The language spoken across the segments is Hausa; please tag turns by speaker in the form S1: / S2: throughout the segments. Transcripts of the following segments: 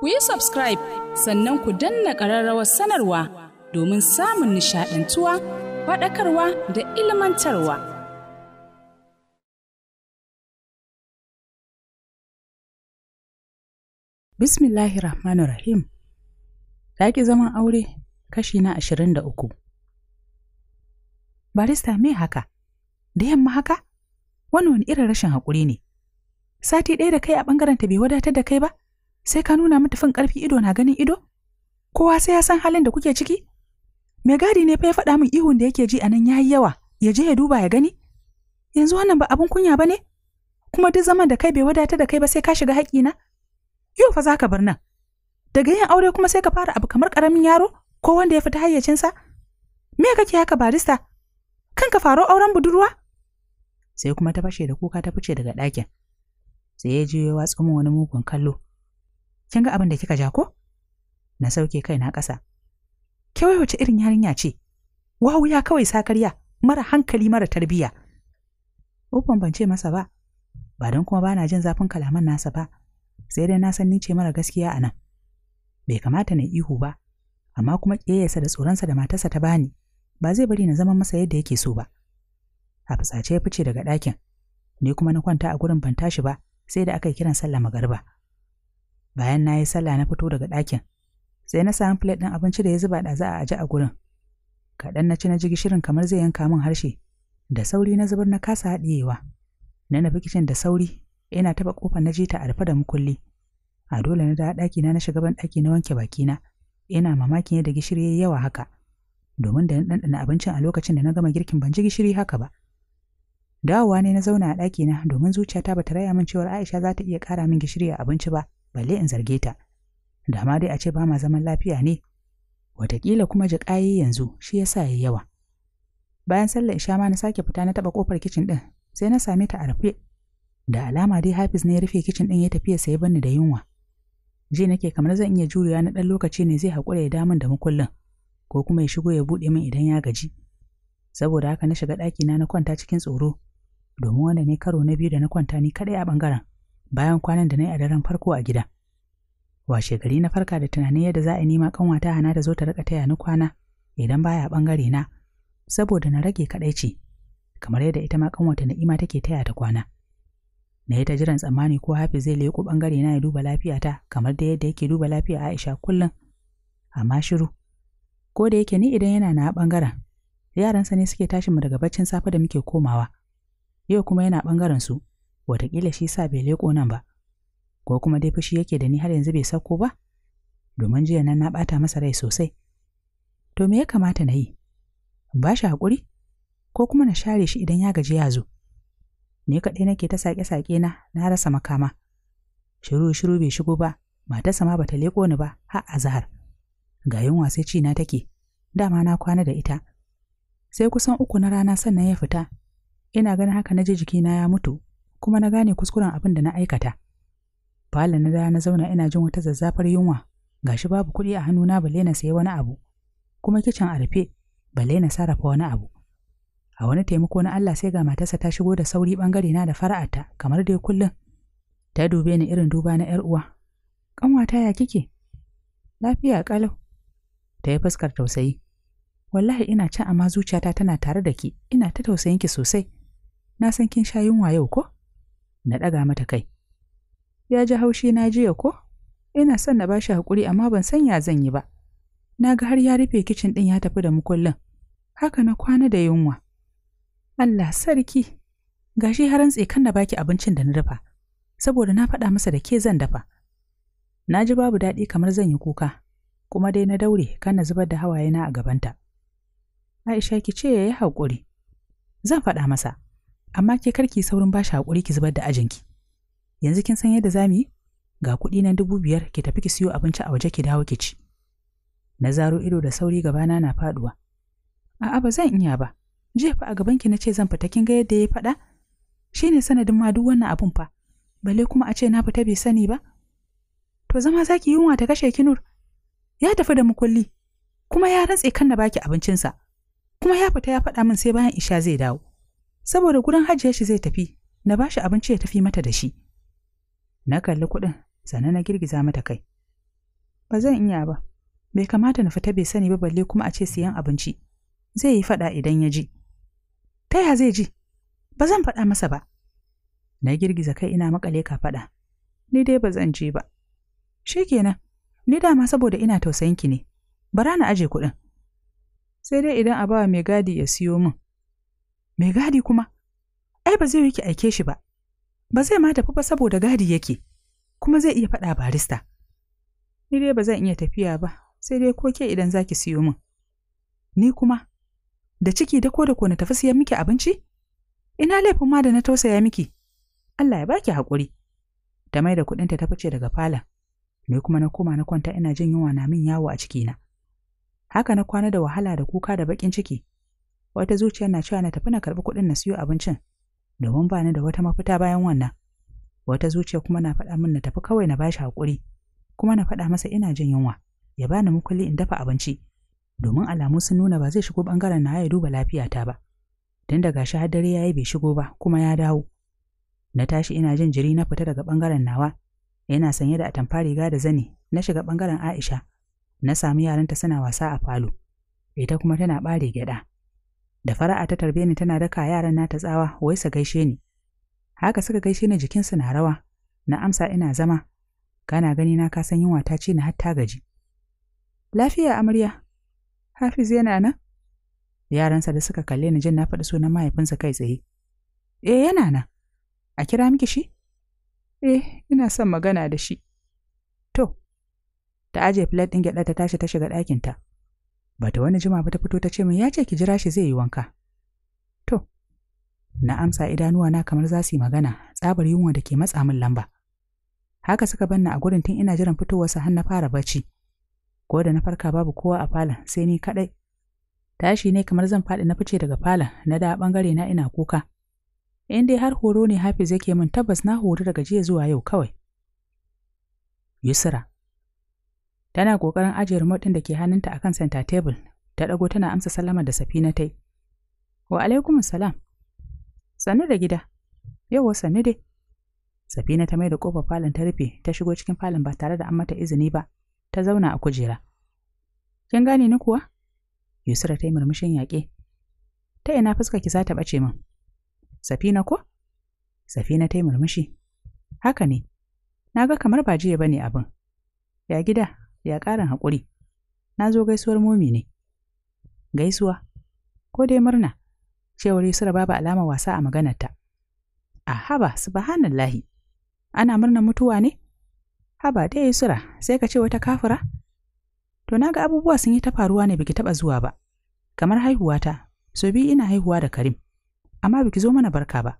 S1: ku yi subscribe sannan ku danna ƙararrawar sanarwa domin samun nishaɗantuwa faɗakarwa da ilmantarwa. Bismillahi Rahmanu Rahim Yaƙi zaman aure kashi na ashirin da uku. Barista me haka? Da yamma haka? Wani wani irin rashin haƙuri ne. Sati ɗaya da kai a ɓangaren bai wadatar da kai ba? sai ka nuna mata fin ƙarfi ido na ganin ido? Kowa sai ya san halin da kuke ciki? Mai gadi ne fa ya faɗa min ihun da yake ji a nan ya yi yawa, ya je ya duba ya gani? Yanzu wannan ba abin kunya ba ne? Kuma duk zaman da kai bai wadata da kai ba sai ka shiga haƙƙina? Yau fa za ka bar nan. Daga yin aure kuma sai ka fara abu kamar ƙaramin yaro ko wanda ya fita hayyacinsa? Me kake haka barista? Kanka faro auren budurwa? Sai kuma ta fashe da kuka ta fice daga ɗakin. Sai ya je ya watsa min wani mugun kallo. kin ga abin da kika ja ko na sauke kai na ƙasa ke wai wace irin yarinya ce ya kawai sakarya mara hankali mara tarbiyya. uban ban ce masa ba ba don kuma bana jin zafin kalaman nasa ba sai dai na san ni ce mara gaskiya a nan bai kamata na ihu ba amma kuma ƙeyarsa da tsoronsa da matarsa ta bani ba zai bari na zama masa yadda yake so ba a fusace ya fice daga ɗakin ni kuma na kwanta a gurin ban tashi ba sai da aka yi kiran sallah magariba. bayan na yi sallah na fito daga ɗakin sai na samu plate ɗin abinci da ya zuba da a aje a gurin kaɗan na ci na ji gishirin kamar zai yanka min harshe da sauri na zubar na kasa haɗiyewa na nufi kicin da sauri ina taɓa ƙofar na je ta arfa da mukulli a dole na da ɗaki na na shiga ban ɗaki na wanke bakina ina mamakin yadda gishiri ya yi yawa haka domin da na ɗanɗana abincin a lokacin da na gama girkin ban ji gishiri haka ba dawowa ne na zauna a ɗakina domin zuciyata bata raya min cewar Aisha za ta iya ƙara min gishiri a abinci ba balle in zarge ta da ma dai a ce ba ma zaman lafiya ne wataƙila kuma jiƙaye yanzu shi ya sa yawa bayan sallar isha ma na sake fita na taɓa ƙofar kicin ɗin sai na same ta a da alama dai hafiz ne ya rufe kicin ɗin ya tafiya sai banni da yunwa ji nake kamar zan iya juriya na ɗan lokaci ne zai haƙura ya damun da mukullin ko kuma ya shigo ya buɗe min idan ya gaji saboda haka na shiga ɗakina na kwanta cikin tsoro domin wanda ne karo na biyu da na kwanta ni kaɗai a ɓangaren bayan kwanan da na yi a daren farko a gida. Washe gari na farka da tunanin yadda za a nima kanwata hana da zo ta rika taya ni kwana idan baya bangare na, saboda na rage kadaici, kamar yadda ita ma kanwata na'ima take taya ta kwana. Na yi ta jiran tsammani ko hafi zai leko bangare na ya duba lafiyata kamar da yadda yake duba lafiya Aisha kullum. Amma shiru, ko da yake ni idan yana na bangaren, yaransa ne suke tashin mu daga baccin safe da muke komawa. Yau kuma yana bangaren su, wataƙila shi sa bai leko nan ba ko kuma dai fushi yake da ni har yanzu bai sako ba domin jiya nan na ɓata masa rai sosai to me ya kamata na yi ba shi haƙuri ko kuma na share shi idan ya gaji ya zo ni kaɗai nake ta saƙe-saƙe na na rasa makama shiru-shiru bai shigo ba matarsa sama bata leko ni ba ha zahar. ga yunwa sai ci na take dama na kwana da ita sai kusan uku na rana sannan ya fita ina ganin haka na ji jikina ya mutu kuma na gane kuskuren abin da na aikata. Fala na da na zauna ina jin wata zazzafar yunwa, gashi babu kuɗi a hannuna balle na sayi wani abu, kuma kicin a rufe balle na sarrafa wani abu. A wani taimako na Allah sai ga matarsa ta shigo da sauri bangare na da fara'ata kamar dai kullum. Ta dube ni irin duba na ‘yar uwa. Ƙanwata ya kike? Lafiya ƙalau. Ta yi fuskar tausayi. Wallahi ina can amma zuciyata tana tare da ki, ina ta tausayin ki sosai. Na san kin sha yunwa yau ko? na ɗaga mata kai. Ya ji haushi na jiya ko? Ina son na bashi haƙuri amma ban san ya zan yi ba. Na ga har ya rufe kicin ɗin ya tafi da mukullin. Haka na kwana da yunwa. Allah sarki! Gashi har rantse kan na baki abincin da na dafa, saboda na faɗa masa da ke zan dafa. Na ji babu daɗi kamar zan yi kuka, kuma dai na daure kan na zubar da hawayena a gabanta. Aisha ki ce ya yi haƙuri. Zan faɗa masa. amma ke karki saurin bashi haƙuri ki zubar da ajinki yanzu kin san yadda za mu yi ga kuɗi nan dubu biyar ki tafi ki siyo abinci a waje ki dawo ki ci na zaro ido da sauri gabana na faduwa. a'a ba zan iya ba jiya fa a gaban ki na ce zan fita kin ga yadda ya faɗa ne sanadin ma duk wannan abun fa balle kuma a ce na fita bai sani ba to zama zaki yi ta kashe ki ya tafi da mukulli kuma ya rantse kan na baki abincinsa kuma ya fita ya faɗa min sai bayan isha zai dawo saboda gurin hajiya shi zai tafi na ba shi abinci ya tafi mata da shi na kalli kuɗin sannan na girgiza mata kai ba zan iya ba bai kamata na fita bai sani ba balle kuma a ce siyan abinci zai yi faɗa idan ya ji ta ya zai ji ba zan faɗa masa ba na girgiza kai ina makale ka faɗa ni dai ba zan je ba Shi kenan. ni dama saboda ina tausayin ki ne bara na aje kuɗin sai dai idan a bawa mai gadi ya siyo min mai gadi kuma ai ba zai yi ki aike shi ba ba zai ma tafi ba saboda gadi yake kuma zai iya faɗa barista ni dai ba zan iya tafiya ba sai dai koke ke idan ki siyo min ni kuma da ciki da ko da ko na tafi siyan miki abinci ina laifin ma da na tausaya miki Allah ya baki haƙuri da mai da kuɗinta ta fice daga falon Me kuma na koma na kwanta ina jin yunwa na min yawo a cikina haka na kwana da wahala da kuka da baƙin ciki wata zuciya na cewa na tafi na karɓi kuɗin na siyo abincin domin ba ni da wata mafita bayan wannan wata zuciya kuma na faɗa min na tafi kawai na bashi haƙuri kuma na faɗa masa ina jin yunwa ya bani mukulli in dafa abinci domin alamu sun nuna ba zai shigo bangaren na ya duba lafiyata ba tun daga shi har dare yayi bai shigo ba kuma ya dawo na tashi ina jin jiri na fita daga bangaren nawa yana sanye da atamfa riga da zani na shiga ɓangaren Aisha na sami yaranta suna wasa a falo ita kuma tana bare gyada da fara'a ta tarbe ni tana daka yaran na ta tsawa wai su gaishe ni haka suka gaishe ni jikinsu na rawa na amsa ina zama kana gani na ka san yunwa ta ce na har ta gaji lafiya amarya hafiz yana nan yaransa da suka kalle ni jin na faɗi sunan mahaifinsa kai tsaye eh yana nan a kira miki shi eh ina son magana da shi to ta aje filet ɗin gyaɗa ta tashi ta shiga ɗakinta ba ta wani jima ba ta fito ta ce min ya ce ki jira shi zai yi wanka to na amsa idanuwa na kamar za su yi magana tsabar yunwa da ke matsa min lamba haka suka banna a gurin tun ina jiran fitowarsa har na fara bacci ko da na farka babu kowa a falon sai ni kaɗai tashi ne kamar zan faɗi na fice daga falon na da ɓangare na ina kuka in dai har horo ne hafiz yake min tabbas na horo daga jiya zuwa yau kawai yusra Tana ƙoƙarin ajiye remote ɗin da ke hannunta akan center table, ta ɗago tana amsa sallama da safina ta yi. Wa alaikum salam. Sannu da gida. Yawwa sannu dai. Safina ta mai da ƙofar falon ta rufe, ta shigo cikin falon ba tare da an mata izini ba, ta zauna a kujera. Kin gane ni kuwa? Yusra ta yi murmushin yaƙe. Ta ina fuska ki za ta ɓace min? Safina ko? Safina ta yi murmushi. Haka ne, na ga kamar ba jiya ba ne abin. Ya gida, Ya ƙarin haƙuri. Na zo gaisuwar momi ne. Gaisuwa? Ko dai murna? Cewar Yusra babu alamar wasa a maganarta. A haba, subhanallahi. Ana murnar mutuwa ne? Haba dai Yusra, sai ka ce wata kafura. To na ga abubuwa sun yi ta faruwa ne biki taɓa zuwa ba. Kamar haihuwata, so bi ina haihuwa da Karim. Amma biki zo mana barka ba.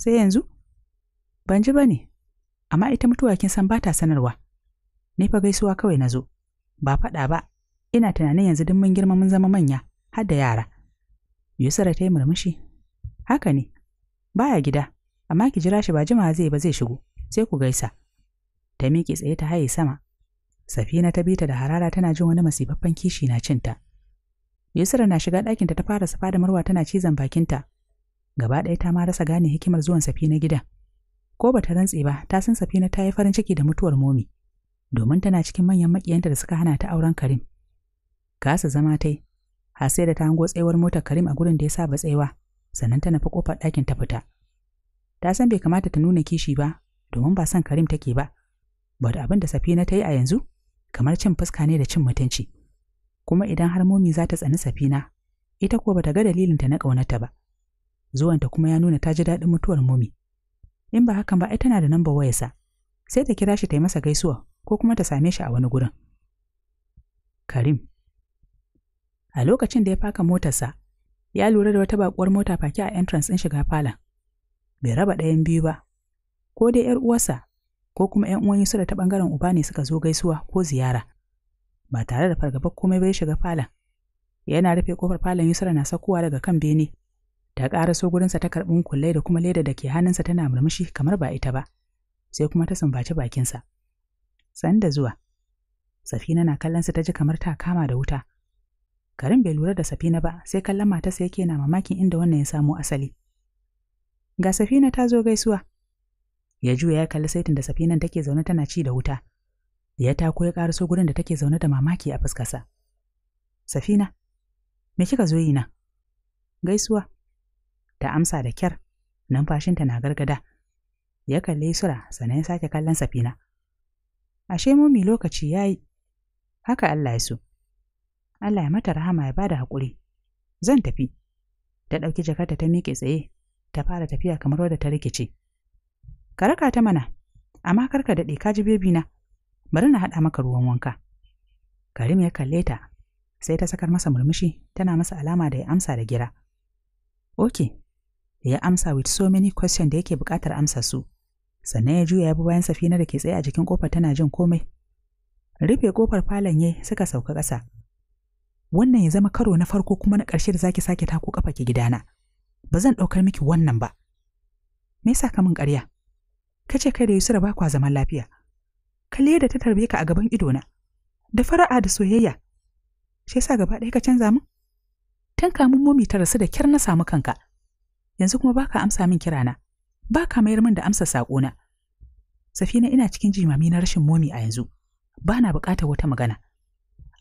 S1: Sai yanzu? Ban ji ba ne, amma ita mutuwa kin san ba ta sanarwa. ni fa gaisuwa kawai na zo ba faɗa ba ina tunanin yanzu duk mun girma mun zama manya har da yara yusra ta yi murmushi haka ne baya gida amma ki jira shi ba jimawa zai ba zai shigo sai ku gaisa ta miƙe tsaye ta haye sama safina ta bita da harara tana jin wani masifaffen kishi na cinta yusra na shiga ɗakinta ta fara safa da marwa tana cizon bakinta gaba ɗaya ta ma rasa gane hikimar zuwan safina gida ko bata rantse ba ta san safina ta yi farin ciki da mutuwar momi domin tana cikin manyan makiyanta da suka hana ta auren Karim. su zama tai, har da ta hango tsayuwar motar Karim a gurin da ya saba tsayawa, sannan ta nufi kofar ɗakin ta fita. Ta san bai kamata ta nuna kishi ba, domin ba son Karim take ba. Ba da abin da Safina ta yi a yanzu, kamar cin fuska ne da cin mutunci. Kuma idan har momi za ta tsani Safina, ita ko bata ga dalilinta na ƙaunarta ba. Zuwanta kuma ya nuna ta ji daɗin mutuwar momi. In ba hakan ba ai tana da ya sa. sai ta kira shi ta yi masa gaisuwa ko kuma ta same shi a wani gurin. Karim A lokacin da ya faka motarsa, ya lura da wata bakuwar mota fake a entrance ɗin shiga falon. Bai raba ɗayan biyu ba, ko dai ‘yar uwarsa ko kuma ‘yan uwan Yusra ta ɓangaren uba ne suka zo gaisuwa ko ziyara. Ba tare da fargabar komai bai shiga falon. Yana rufe kofar falon Yusra na sakowa daga kan bene. Ta ƙara gurinsa ta karɓi kullai da kuma leda da ke hannunsa tana murmushi kamar ba ita ba. Sai kuma ta sumbaci bakinsa. san da zuwa. Safina na kallonsa ta ji kamar ta kama da wuta. Karim bai lura da Safina ba sai kallon matarsa yake na mamakin inda wannan ya samo asali. Ga Safina ta zo gaisuwa. Ya juya ya kalli saitin da Safinan take zaune tana ci da wuta. Ya tako ya ƙaraso gurin da take zaune da mamaki a fuskarsa. Safina, me kika zo yi na? Gaisuwa. Ta amsa da kyar, numfashinta na gargada. Ya kalle Sura sannan ya sake kallon Safina. ashe mi lokaci ya yi haka Allah ya so Allah ya mata rahama ya bada haƙuri zan tafi ta ɗauki jakarta ta miƙe tsaye ta fara tafiya kamar wadda ta rikice ka raka ta mana amma karka ka daɗe ka ji bebina. na bari na haɗa maka ruwan wanka Karim ya kalle ta sai ta sakar masa murmushi tana masa alama da ya amsa da gira. Oke, okay. ya amsa with so many questions da yake buƙatar amsa su. sannan ya juya ya bi bayan safina da ke tsaye a jikin kofar tana jin komai rufe kofar falon yi suka sauka ƙasa wannan ya zama karo na farko kuma na ƙarshe da zaki sake tako ƙafa ke gidana ba zan ɗaukar miki wannan ba me yasa ka min ƙarya kace kai da Yusra ba kwa zaman lafiya kalli da ta tarbe ka a gaban idona da fara'a da soyayya shi yasa gaba ɗaya ka canza min tun kamun momi ta rasu da kyar na samu kanka yanzu kuma baka amsa min kirana ba ka mayar min da amsa saƙona. Safina ina cikin jimami na rashin momi a yanzu, ba na buƙatar wata magana.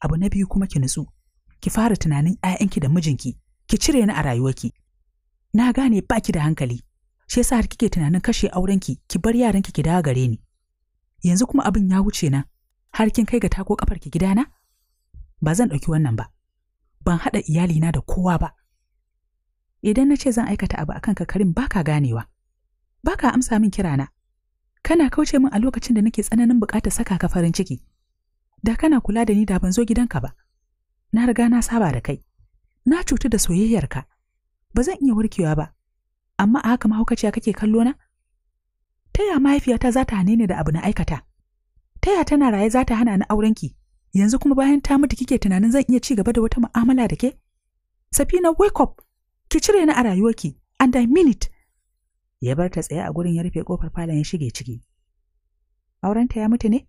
S1: Abu na biyu kuma ki nutsu, ki fara tunanin 'ya'yanki da mijinki, ki cire ni a rayuwarki. Na gane ba ki da hankali, shi yasa har kike tunanin kashe aurenki, ki bar yaranki ki dawo gare ni. Yanzu kuma abin ya wuce na, har kin kai ga tako gida gidana? Ba zan ɗauki wannan ba. Ban haɗa iyalina da kowa ba. Idan na ce zan aikata abu akan kakarin ba ka ganewa. baka amsa min kirana. Kana kauce min a lokacin da nake tsananin buƙatar saka ka farin ciki. Da kana kula da ni da ban zo gidanka ba. Na riga na saba da kai. Na cutu da soyayyarka. Ba zan iya warkewa ba. Amma a haka mahaukaciya kake kallo na? ta ya mahaifiyata za ta hane ni da abu na aikata? Ta ya tana raye za ta hana ni aurenki? Yanzu kuma bayan ta mutu kike tunanin zan iya ci gaba da wata mu'amala da ke? Safina wake up, ki cire ni a rayuwarki, and I mean it. ya bar ta tsaye a gurin ya rufe kofar falon ya shige ciki aurenta ya mutu ne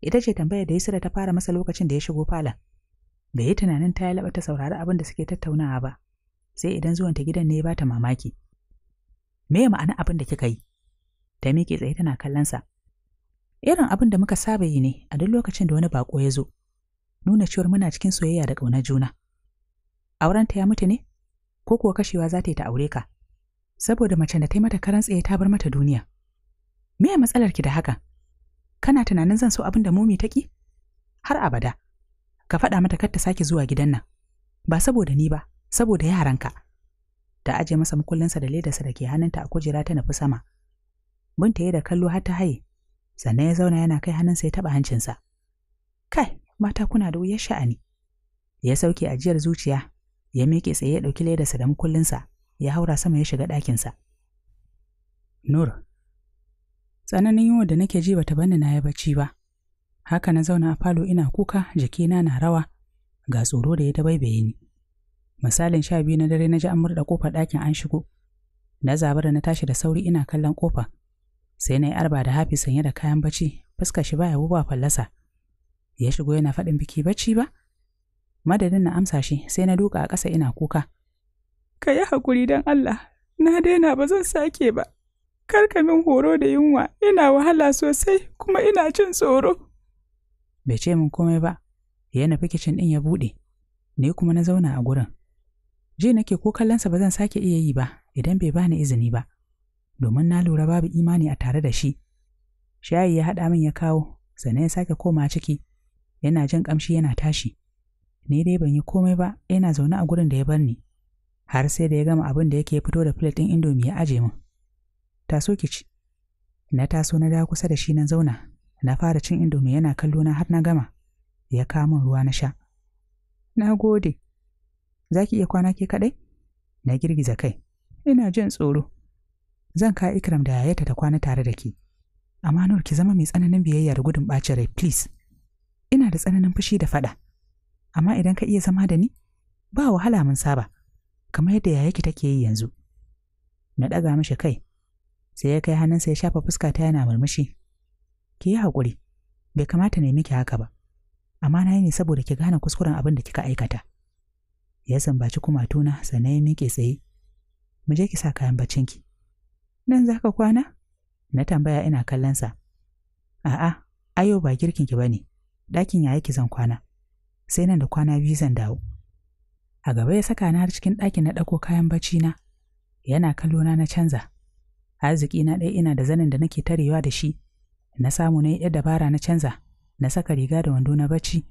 S1: ita ce tambayar da Yusra ta fara masa lokacin da ya shigo falon bai yi tunanin ta laba ta saurari abin da suke tattaunawa ba sai idan zuwan ta gidan ne ya bata mamaki me ma'ana abin da kika yi ta miƙe tsaye tana kallon sa irin abin da muka saba yi ne a duk lokacin da wani bako ya zo nuna cewar muna cikin soyayya da ƙaunar juna aurenta ya mutu ne ko kuwa kashewa za ta yi ta aure ka saboda macen da ta yi mata karan tsaye ta bar mata duniya. Me ya matsalar ki da haka? Kana tunanin zan so abin da momi ta ki? Har abada. Ka faɗa mata kar ta sake zuwa gidan nan. Ba saboda ni ba, saboda yaranka. Ta aje masa mukullinsa da ledarsa da ke hannunta a kujera ta nufi sama. Binta ya da kallo har ta haye, sannan ya zauna yana kai hannunsa ya taɓa hancinsa. Kai, mata kuna da wuyar sha'ani. Ya sauke ajiyar zuciya, ya miƙe tsaye ya ɗauki ledarsa da mukullinsa, ya haura sama ya shiga ɗakinsa. Nur, tsananin yunwa da nake ji bata bani na ya bacci ba, haka na zauna a falo ina kuka jikina na rawa ga tsoro da ya dabaibaye ni. Misalin sha biyu na dare na ji an murɗa ƙofar ɗakin an shigo, na zaba da na tashi da sauri ina kallon kofa sai na yi arba da hafi sanye da kayan bacci fuska shi baya ba fallasa. Ya shigo yana faɗin biki bacci ba? Madadin na amsa shi sai na duka a ƙasa ina kuka. ka yi haƙuri don Allah, na daina ba zan sake ba. Karkamin horo da yunwa, ina wahala sosai kuma ina cin tsoro. Bai ce min komai ba, ya nufi kicin ɗin ya buɗe, Ne kuma na zauna a gurin. Ji nake ko kallonsa ba zan sake iya yi ba idan bai bani izini ba, domin na lura babu imani a tare da shi. Shayi ya haɗa min ya kawo, sannan ya sake koma ciki, yana jin ƙamshi yana tashi. Ne dai ban yi komai ba, yana zaune a gurin da ya bar ni. har sai da ya gama abin da yake fito da plate ɗin indomi ya aje min. Taso ki ci. Na taso na dawo kusa da shi na zauna, na fara cin indomi yana kallo na har na gama. Ya kawo min ruwa na sha. Na gode. Za ki iya kwana ke kaɗai? Na girgiza kai. Ina jin tsoro. Zan ka ikram da yayata ta kwana tare da ki. Amma Nur ki zama mai tsananin biyayya da gudun ɓacin rai, please. Ina da tsananin fushi da faɗa. Amma idan ka iya zama da ni, ba wahala mun saba. kamar yadda yayaki take yi yanzu na ɗaga mishi kai sai ya kai hannunsa ya shafa fuska ta yana murmushi ki yi haƙuri bai kamata ne miki haka ba amma na yi ne saboda ki gane kuskuren abin da kika aikata ya sambaci kumatuna sannan ya miƙe tsaye mu je ki sa kayan baccinki nan za ka kwana na tambaya ina kallon sa. a'a ayo ba girkinki ba ne ɗakin yayaki ki zan kwana sai nan da kwana biyu zan dawo A gaba ya saka ni har cikin ɗakin na ɗauko kayan bacci na. Yana kallo na na canza. Arziki na ɗaya ina da zanin da nake tarewa da shi. Na samu na yi ɗaya dabara na canza. Na saka riga da wando na bacci.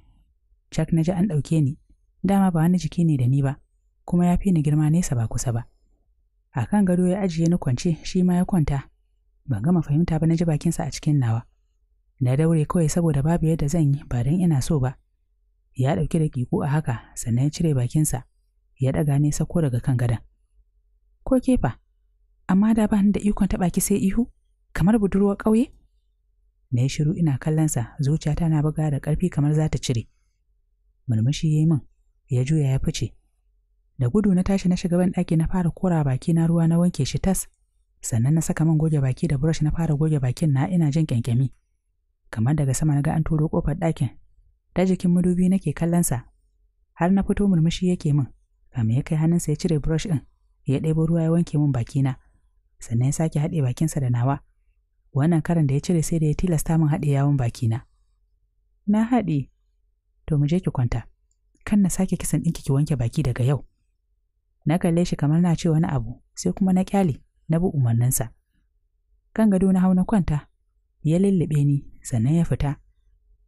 S1: Cak na ji an ɗauke ni. Dama ba wani jiki ne da ni ba. Kuma ya fi ni girma nesa ba kusa ba. A kan gado ya ajiye ni kwance shi ma ya kwanta. Ban gama fahimta ba na ji bakinsa a cikin nawa. Na daure kawai saboda babu yadda zan yi ba don ina so ba. ya ɗauki daƙiƙu a haka sannan ya cire bakinsa ya ɗaga ne sako daga kan gadon ko kefa amma da ba da ikon taɓa ki sai ihu kamar budurwar ƙauye na yi shiru ina kallonsa zuciyata na buga da ƙarfi kamar za ta cire murmushi ya yi min ya juya ya fice da gudu na tashi na shiga ban ɗaki na fara kora baki na ruwa na wanke shi tas sannan na saka man goge baki da brush na fara goge bakin na ina jin kyankyami kamar daga sama na ga an turo kofar ɗakin ta jikin madubi nake kallonsa har na fito murmushi yake min kamin ya kai hannunsa ya cire brush ɗin ya ɗebo ruwa ya wanke min bakina sannan ya sake haɗe bakinsa da nawa wannan karan da ya cire sai da ya tilasta min haɗe yawon bakina na haɗe to mu je ki kwanta kan na sake kisan ɗinki ki wanke baki daga yau na kalle shi kamar na ce wani abu sai kuma na kyale na bi umarninsa kan gado na hau na kwanta ya lullube ni sannan ya fita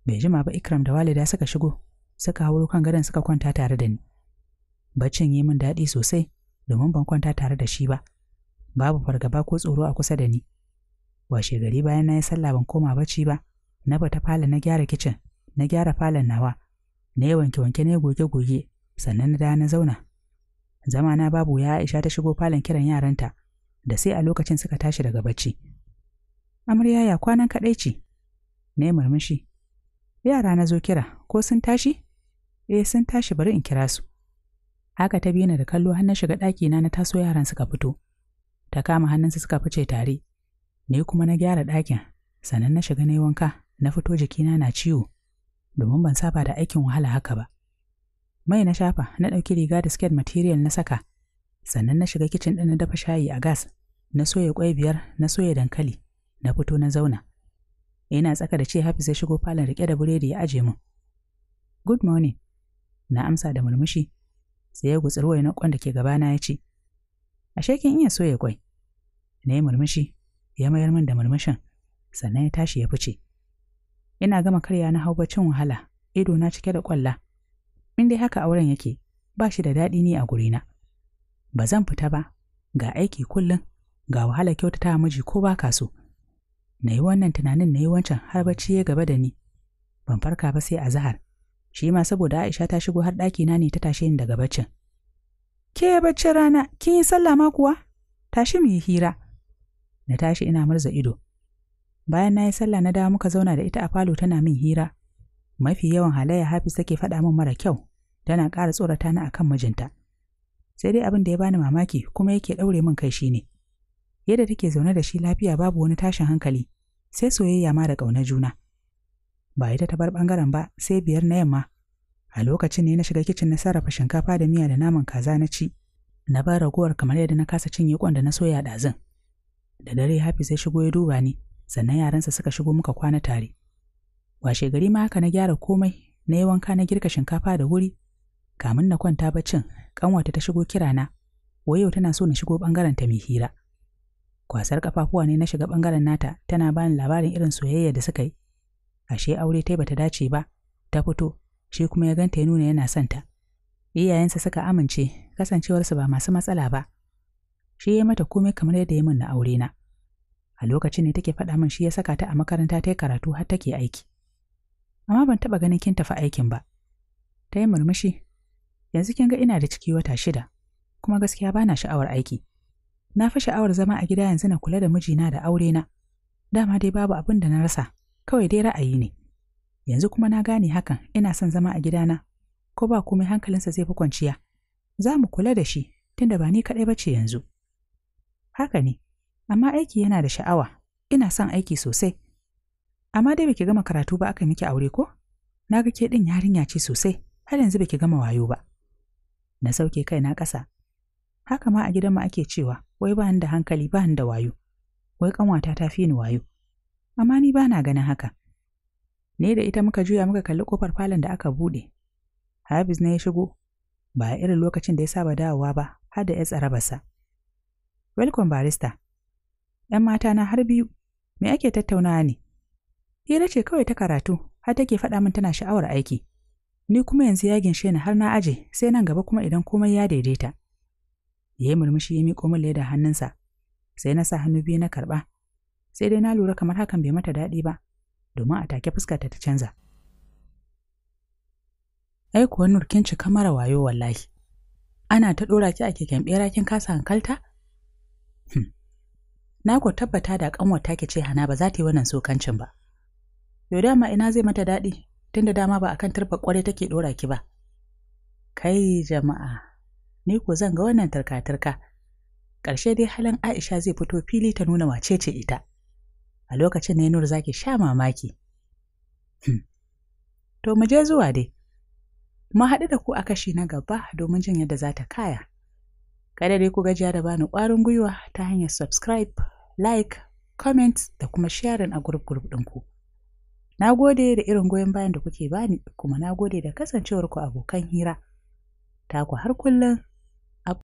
S1: bai jima ba ikram da walida suka shigo suka hauro kan gadon suka kwanta tare da ni baccin yi min daɗi sosai domin ban kwanta tare da shi ba babu fargaba ko tsoro a kusa da ni washe gari bayan na yi sallah ban koma bacci ba na bata falon na gyara kicin na gyara falon nawa na yi wanke wanke na goge goge sannan na da na zauna zama na babu ya aisha ta shigo falon kiran yaranta da sai a lokacin suka tashi daga bacci amarya ya kwanan kaɗai ce na yi murmushi yara na zo kira ko sun tashi eh sun tashi bari in kira su haka ta biyu da kallo har na shiga ɗaki na na taso yaran suka fito ta kama hannunsu suka fice tare ne kuma na gyara ɗakin sannan na shiga na wanka na fito jikina na ciwo domin ban saba da aikin wahala haka ba mai na shafa na ɗauki riga da skirt material na saka sannan na shiga kicin ɗin na dafa shayi a gas na soya kwai biyar na soya dankali na fito na zauna yana tsaka da ce hafi sai shigo falon rike da buredi ya aje min. Good morning. Na amsa da murmushi. Sai ya gutsiri wani kwan da ke gabana ya ce, Ashe kin iya soya kwai. Na yi murmushi, ya mayar min da murmushin, sannan ya tashi ya fice. Ina gama karya na hau baccin wahala, ido na cike da kwalla. In dai haka auren yake, ba shi da daɗi ni a gurina. Ba zan fita ba, ga aiki kullum, ga wahala kyautata miji ko ba ka so. na yi wannan tunanin na yi wancan har bacci ya gaba da ni ban farka ba sai a zahar shi ma saboda aisha ta shigo har na ne ta tashe ni daga baccin ke bacci rana kin yi sallah ma kuwa tashi mu yi hira na tashi ina murza ido bayan na yi sallah na dawo muka zauna da ita a falo tana min hira mafi yawan halayya hafiz take faɗa min mara kyau tana ƙara tsorata ni akan mijinta sai dai abin da ya bani mamaki kuma yake ɗaure min kai shine yadda take zaune da shi lafiya babu wani tashin hankali sai soyayya ma da ƙauna juna ba ita ta bar ɓangaren ba sai biyar na yamma a lokacin ne na shiga kicin na sarrafa shinkafa da miya da naman kaza na ci na bar ragowar kamar yadda na kasa cinye kwan da na soya ɗazun da dare hafi sai shigo ya duba ni sannan yaransa suka shigo muka kwana tare washe gari ma haka na gyara komai na yi wanka na girka shinkafa da wuri kamin na kwanta baccin kanwata ta shigo kirana wayo tana so na shigo bangaren ta mai hira kwasar kafafuwa ne na shiga bangaren nata tana bani labarin irin soyayya da suka yi ashe aure tai bata dace ba ta fito shi kuma ya ganta ya nuna yana son ta iyayensa suka amince kasancewarsu ba masu matsala ba shi ya mata komai kamar yadda ya min na aure na a lokacin ne take faɗa min shi ya saka ta a makaranta ta karatu har take aiki amma ban taɓa ganin kin tafi aikin ba ta yi murmushi yanzu kin ga ina da ciki wata shida kuma gaskiya bana sha'awar aiki Na fi sha'awar zama a gida yanzu na kula da mijina da aure na. Dama dai babu abin da na rasa, kawai dai ra'ayi ne. Yanzu kuma na gane hakan, ina son zama a gida na. ko ba komai hankalinsa zai fi kwanciya. Za mu kula da shi, tunda ba ni kaɗai ba ce yanzu. Haka ne, amma aiki yana da sha'awa, ina son aiki sosai. Amma dai baki gama karatu ba aka miki aure ko? Na ga ke ɗin yarinya ce sosai, har yanzu baki gama wayo ba. Na sauke kai, na ƙasa. Haka ma a gidan gidanmu ake cewa, wai ba da hankali ba da wayo wai ƙanwata ta fi ni wayo amma ni ba na ganin haka ne da ita muka juya muka kalli kofar falon da aka buɗe habis na ya shigo ba irin lokacin da ya saba dawowa ba har da ya tsara basa welcome barista ‘yan mata na har biyu me ake tattaunawa ne hira ce kawai ta karatu har take faɗa min tana sha'awar aiki ni kuma yanzu ya ginshe ni har na aje sai nan gaba kuma idan komai ya daidaita ya yi murmushi ya miƙo min leda hannunsa sai na sa hannu biyu na karɓa sai dai na lura kamar hakan bai mata daɗi ba domin a take fuskarta ta canza ai kuwa nur kin cika mara wayo wallahi ana ta ɗora ki a keken ɓera kin kasa hankalta hmm. na ku tabbata da ƙanwata ki ce hana ba za ta yi wannan sokancin ba yau dama ina zai mata daɗi tunda dama ba akan turba ƙwarai take ɗora ki ba kai jama'a ne ko zan ga wannan tarka karshe Ƙarshe dai halin Aisha zai fito fili ta nuna wace ce ita. A lokacin ne Nur zaki sha mamaki. Hmm. To mu je zuwa dai. Mu haɗu da ku a kashi na gaba domin jin yadda za ta kaya. Kada dai ku gajiya da bani ƙwarin gwiwa ta hanyar subscribe, like, comment da kuma sharing a group group ɗinku. Na gode da irin goyon bayan da kuke bani kuma na gode da kasancewarku abokan hira. Ta Taku har kullum up